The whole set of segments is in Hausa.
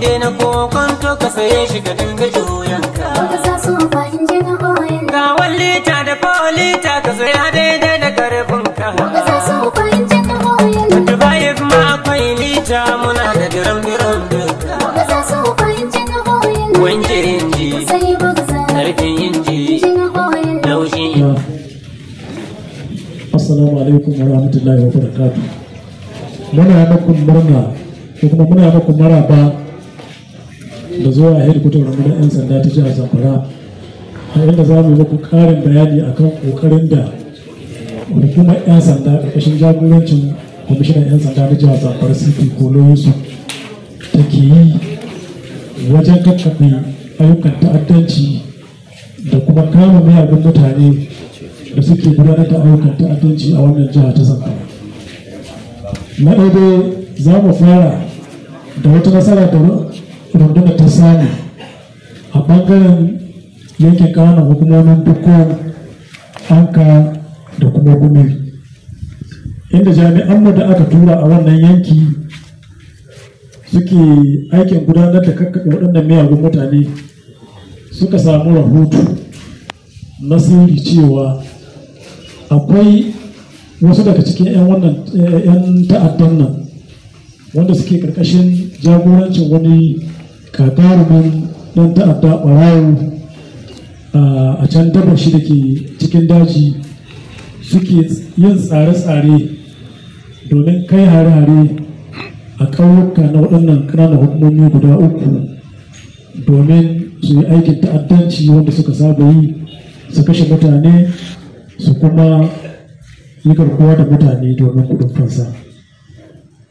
dai na kokonto ka saye shi ka dinga juyanka ka sa su amfanin jirgin oyin da folita. ka saya daidai da karfin ka ka sa kuma akwai lita muna da diram diram duka ka sa su inji karfin inji Assalamu alaikum wa rahmatullahi wa barakatuh. Muna nufin murna ko kuma muna muku maraba da zuwa hedikwatar rundunar 'yan sanda ta jihar zamfara a inda za mu muku karin bayani akan kokarin da hukumar 'yan sanda ƙarƙashin jagorancin kwamishinan 'yan sanda na jihar zamfara cp kolo yusuf ke yi wajen kakkaɓe ayyukan ta'addanci da kuma kama mayagun mutane da suke gudanar da ayyukan ta'addanci a wannan jiha ta zamfara na ɗaya za mu fara da wata nasara da rundunar ta sani a bangaren yankin ƙananan hukumomin buko anka da kuma gumi inda jami'anmu da aka tura a wannan yanki suke aikin gudanar da kakkaɓe waɗannan miyagun mutane suka samu rahoto na sirri cewa akwai wasu daga cikin 'yan ta'addan nan wanda suke ƙarƙashin jagorancin wani kagarumin dan ta'adda ɓarawo a can dabar shi da ke cikin daji suke yin tsare-tsare domin kai hare-hare a ƙauyuka na waɗannan ƙananan hukumomi guda uku domin su yi aikin ta'addanci wanda suka saba yi su kashe mutane su kuma yi garkuwa da mutane domin kuɗin fansa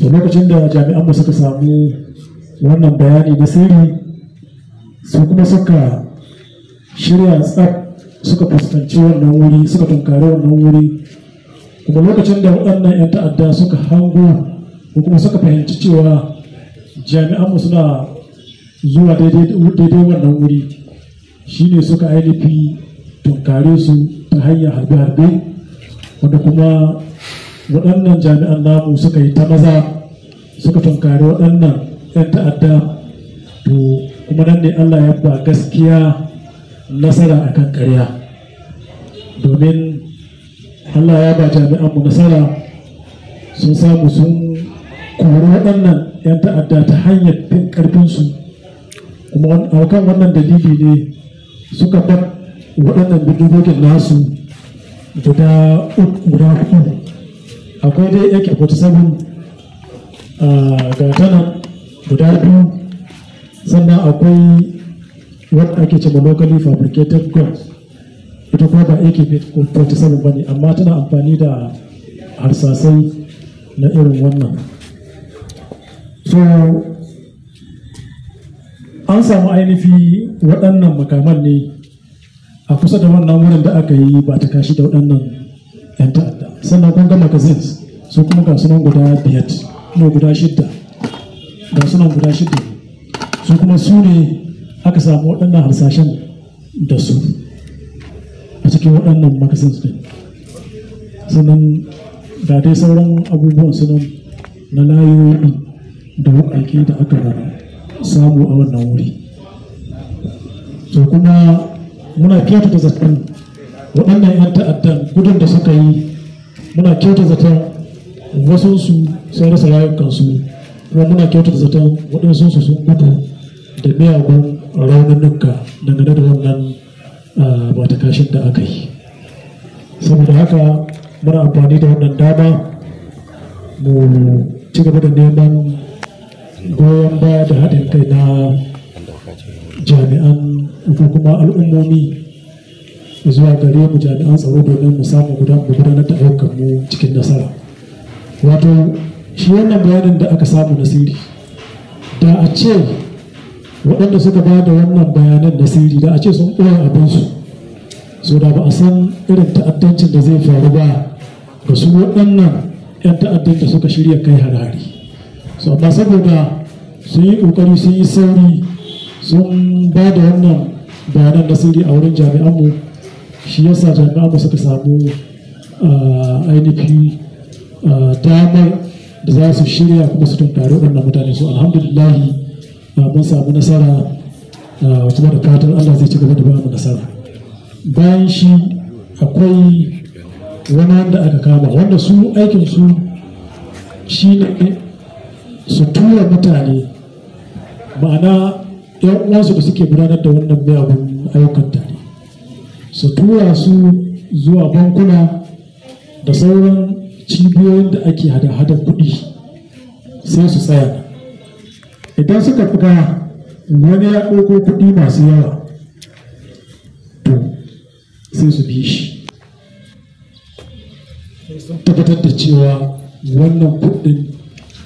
da lokacin da jami'an suka samu wannan bayani na sirri su kuma suka shirya tsaf suka fuskanci wannan wuri suka tunkari wannan wuri kuma lokacin da waɗannan 'yan ta'adda suka hango ko kuma suka fahimci cewa jami'anmu suna zuwa daidai wannan wuri shi ne suka ainihi tunkare su ta hanyar harbe-harbe wanda kuma waɗannan jami'an namu suka yi ta maza suka tunkari waɗannan 'yan ta'adda to kuma nan ne Allah ya ba gaskiya nasara akan ƙarya domin Allah ya ba mu nasara sun samu sun kori waɗannan 'yan ta'adda ta hanyar fin ƙarfinsu kuma a kan wannan dalili ne suka bar waɗannan bindigogin nasu guda guda akwai dai yake ah, 47 ga tanan guda biyu sannan akwai wadda ake cewa locally fabricated gold ita kuma ba ak-47 ba ne amma tana amfani da harsasai na irin wannan so an samu ainihi waɗannan makaman ne a kusa da wannan wurin da aka yi ba ta kashi da waɗannan 'yan ta'adda sannan kun ga magazines su kuma ga sunan guda biyar ne guda shidda ga sunan guda shida su kuma su ne aka samu waɗannan harsashen da su a cikin waɗannan makasin su sannan da dai sauran abubuwan sunan na layoyi da wuƙaƙe da aka samu a wannan wuri to kuma muna kyautata zaton waɗannan 'yan ta'addan gudun da suka yi muna kyauta zaton wasu su sun rasa rayukansu kuma muna kyautata zaton waɗansu su sun gudu da miyagun raununuka dangane da wannan bata ah, kashin da aka yi saboda haka muna amfani da wannan dama mu ci gaba da neman goyon ba da haɗin kai na jami'an ko kuma al'ummomi zuwa gare mu jami'an tsaro domin mu samu gudanar da ayyukan mu cikin nasara wato shi wannan bayanin da aka samu nasiri da a ce waɗanda suka ba da wannan bayanan nasiri da a ce sun ɓoye abinsu so da ba a san irin ta'addancin da zai faru ba ga su waɗannan 'yan ta'addan da suka shirya kai harari so amma saboda sun yi ƙoƙari sun yi sauri sun ba da wannan bayanan nasiri a wurin jami'anmu shi yasa jami'anmu suka samu ah, ainihi ah, damar da za su shirya kuma su tunkari waɗannan mutane su alhamdulillah uh, mun samu nasara uh, kuma da fatan Allah zai ci gaba da bamu nasara bayan shi akwai wani wanda aka kama wanda su aikin su shi ne su tura mutane ma'ana yan uwansu da suke gudanar da wannan miyagun ayyukan tare su tura su zuwa bankuna da sauran cibiyoyin da ake hada-hadar kuɗi sai su tsaya idan suka buga wani ya ɗauko kuɗi masu yawa to sai su bi shi tabbatar da cewa wannan kuɗin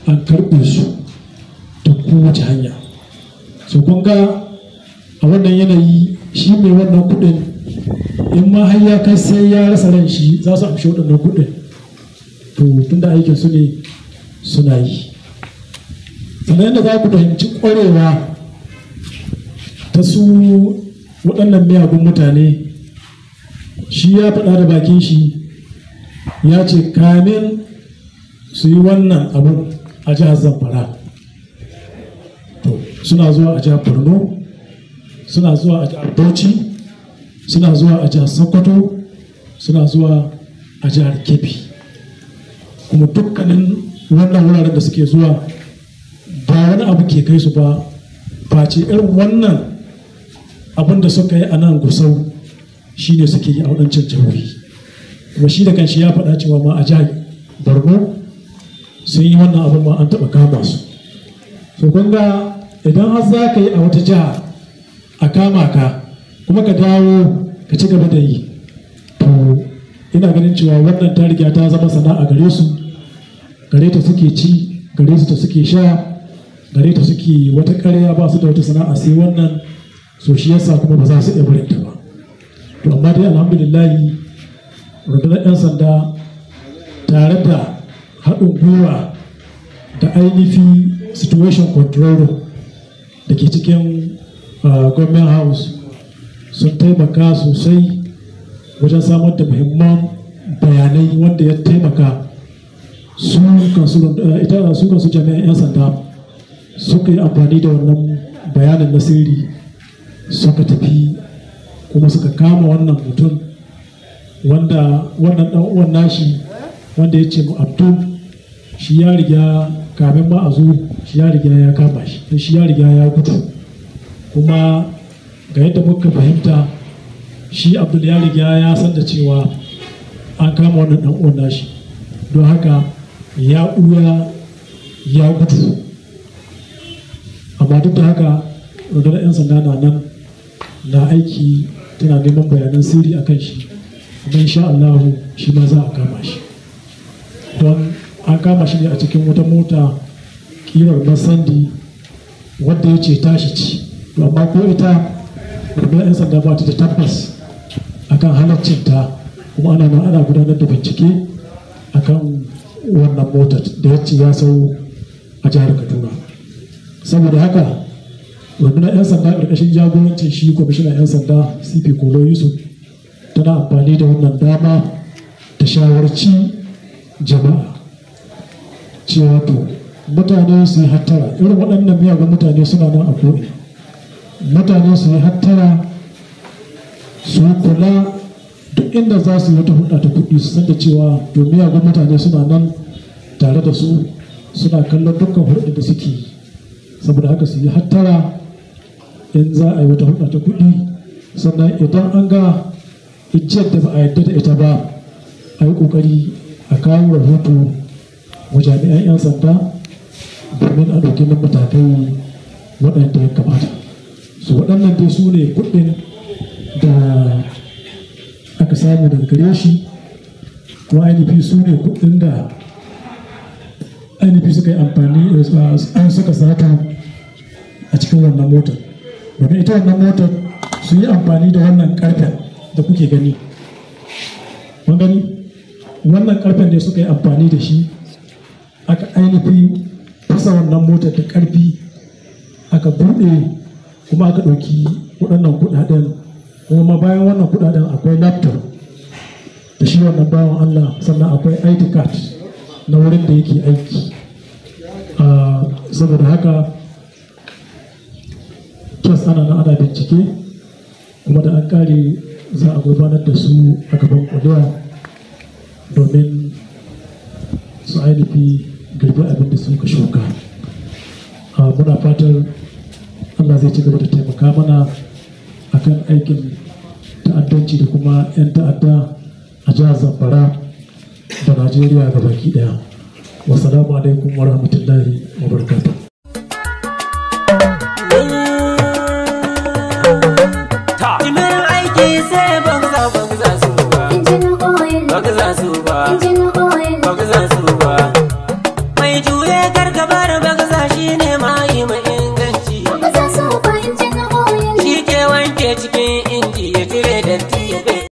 an karɓe su ta kowace hanya su ga a wannan yanayi shi mai wannan kuɗin in ma har kai sai ya rasa ran shi za su amshi waɗannan kuɗin to tun da aikin su ne suna yi sannan yadda za ku fahimci ƙwarewa ta su waɗannan miyagun mutane shi ya faɗa da bakin shi ya ce kamin su yi wannan abu a jihar zamfara to suna zuwa a jihar borno suna zuwa a jihar bauchi suna zuwa a jihar sokoto suna zuwa a jihar kebbi kuma dukkanin wannan wuraren da suke zuwa ba wani abu ke kai su ba face irin wannan abin da suka yi a nan gusau shi ne suke yi a waɗancan jihohi kuma shi da kanshi ya faɗa cewa ma a jihar borno sun yi wannan abin ma an taɓa kama su so kun ga idan har za ka yi a wata jiha a kama ka kuma ka dawo ka ci gaba da yi ina ganin cewa wannan ta riga ta zama sana'a gare su gare ta suke ci gare su ta suke sha gare ta suke wata karya ba su da wata sana'a sai wannan so shi yasa kuma ba za su iya barin ta ba to amma dai alhamdulillah rundunar 'yan sanda tare da haɗin gwiwa da ainihi situation control da ke cikin ah, government house sun taimaka sosai wajen samar da muhimman bayanai wanda ya taimaka su kansu eh, jami'an 'yan sanda suka yi amfani da wannan bayanin na sirri suka tafi kuma suka kama wannan mutum wanda wannan dan uwan nashi wanda ya ce mu abdu shi ya riga kamin ma a zo shi ya riga ya kama shi shi ya riga ya gudu kuma ga yadda muka fahimta shi abdul ya ya san da cewa an kama wannan dan uwan nashi don haka ya ɓuya ya gudu amma duk da haka rundunar 'yan sanda na nan na aiki tana neman bayanan sirri a kan shi amma insha Allah shi ma za a kama shi don an kama shi ne a cikin wata mota kirar masandi wadda ya ce tashi ci to amma ko ita rundunar 'yan sanda ba ta da tabbas akan halaccin kuma ana nan ana gudanar da bincike akan wannan motar da ya ce ya sau a jihar kaduna saboda haka rundunar 'yan sanda ƙarƙashin jagorancin shi kwamishinan 'yan sanda cp kolo yusuf tana amfani da wannan dama ta shawarci jama'a cewa to mutane su yi hattara irin waɗannan miyagun mutane suna nan a ko'ina mutane su yi hattara su kula duk inda za su yi wata hudu ta kuɗi su san da cewa domin yagun mutane suna nan tare da su suna kallon dukkan hudu da suke saboda haka su yi hattara in za a yi wata hudu ta kuɗi sannan idan an ga ijiyar da ba a yadda da ita ba a yi ƙoƙari a kawo rahoto wa jami'an 'yan sanda domin a ɗauki matakai waɗanda ya kamata su waɗannan dai su ne kuɗin da aka samu daga gare shi kuma ainihi su ne kudin da ainihi suka yi amfani an suka sata a cikin wannan motar domin ita wannan motar sun yi amfani da wannan karfen da kuke gani mun gani wannan karfen ne suka yi amfani da shi aka ainihi fasa wannan motar da karfi aka buɗe kuma aka ɗauki waɗannan kuɗaɗen kuma bayan wannan kudaden akwai laptop da shi wannan bawan Allah sannan akwai ID card na wurin da yake aiki ah, saboda haka kes ana na ana bincike kuma da an kare za a gudanar da su a gaban kuliya domin su ainihi girbi abin da suka shuka ah, muna fatan Allah zai ci gaba da taimaka mana kan aikin ta'addanci da kuma 'yan ta'adda a jihar zamfara da najeriya ga baki daya wasalamu alaikum wa rahmatullahi wa barakatuh aiki sai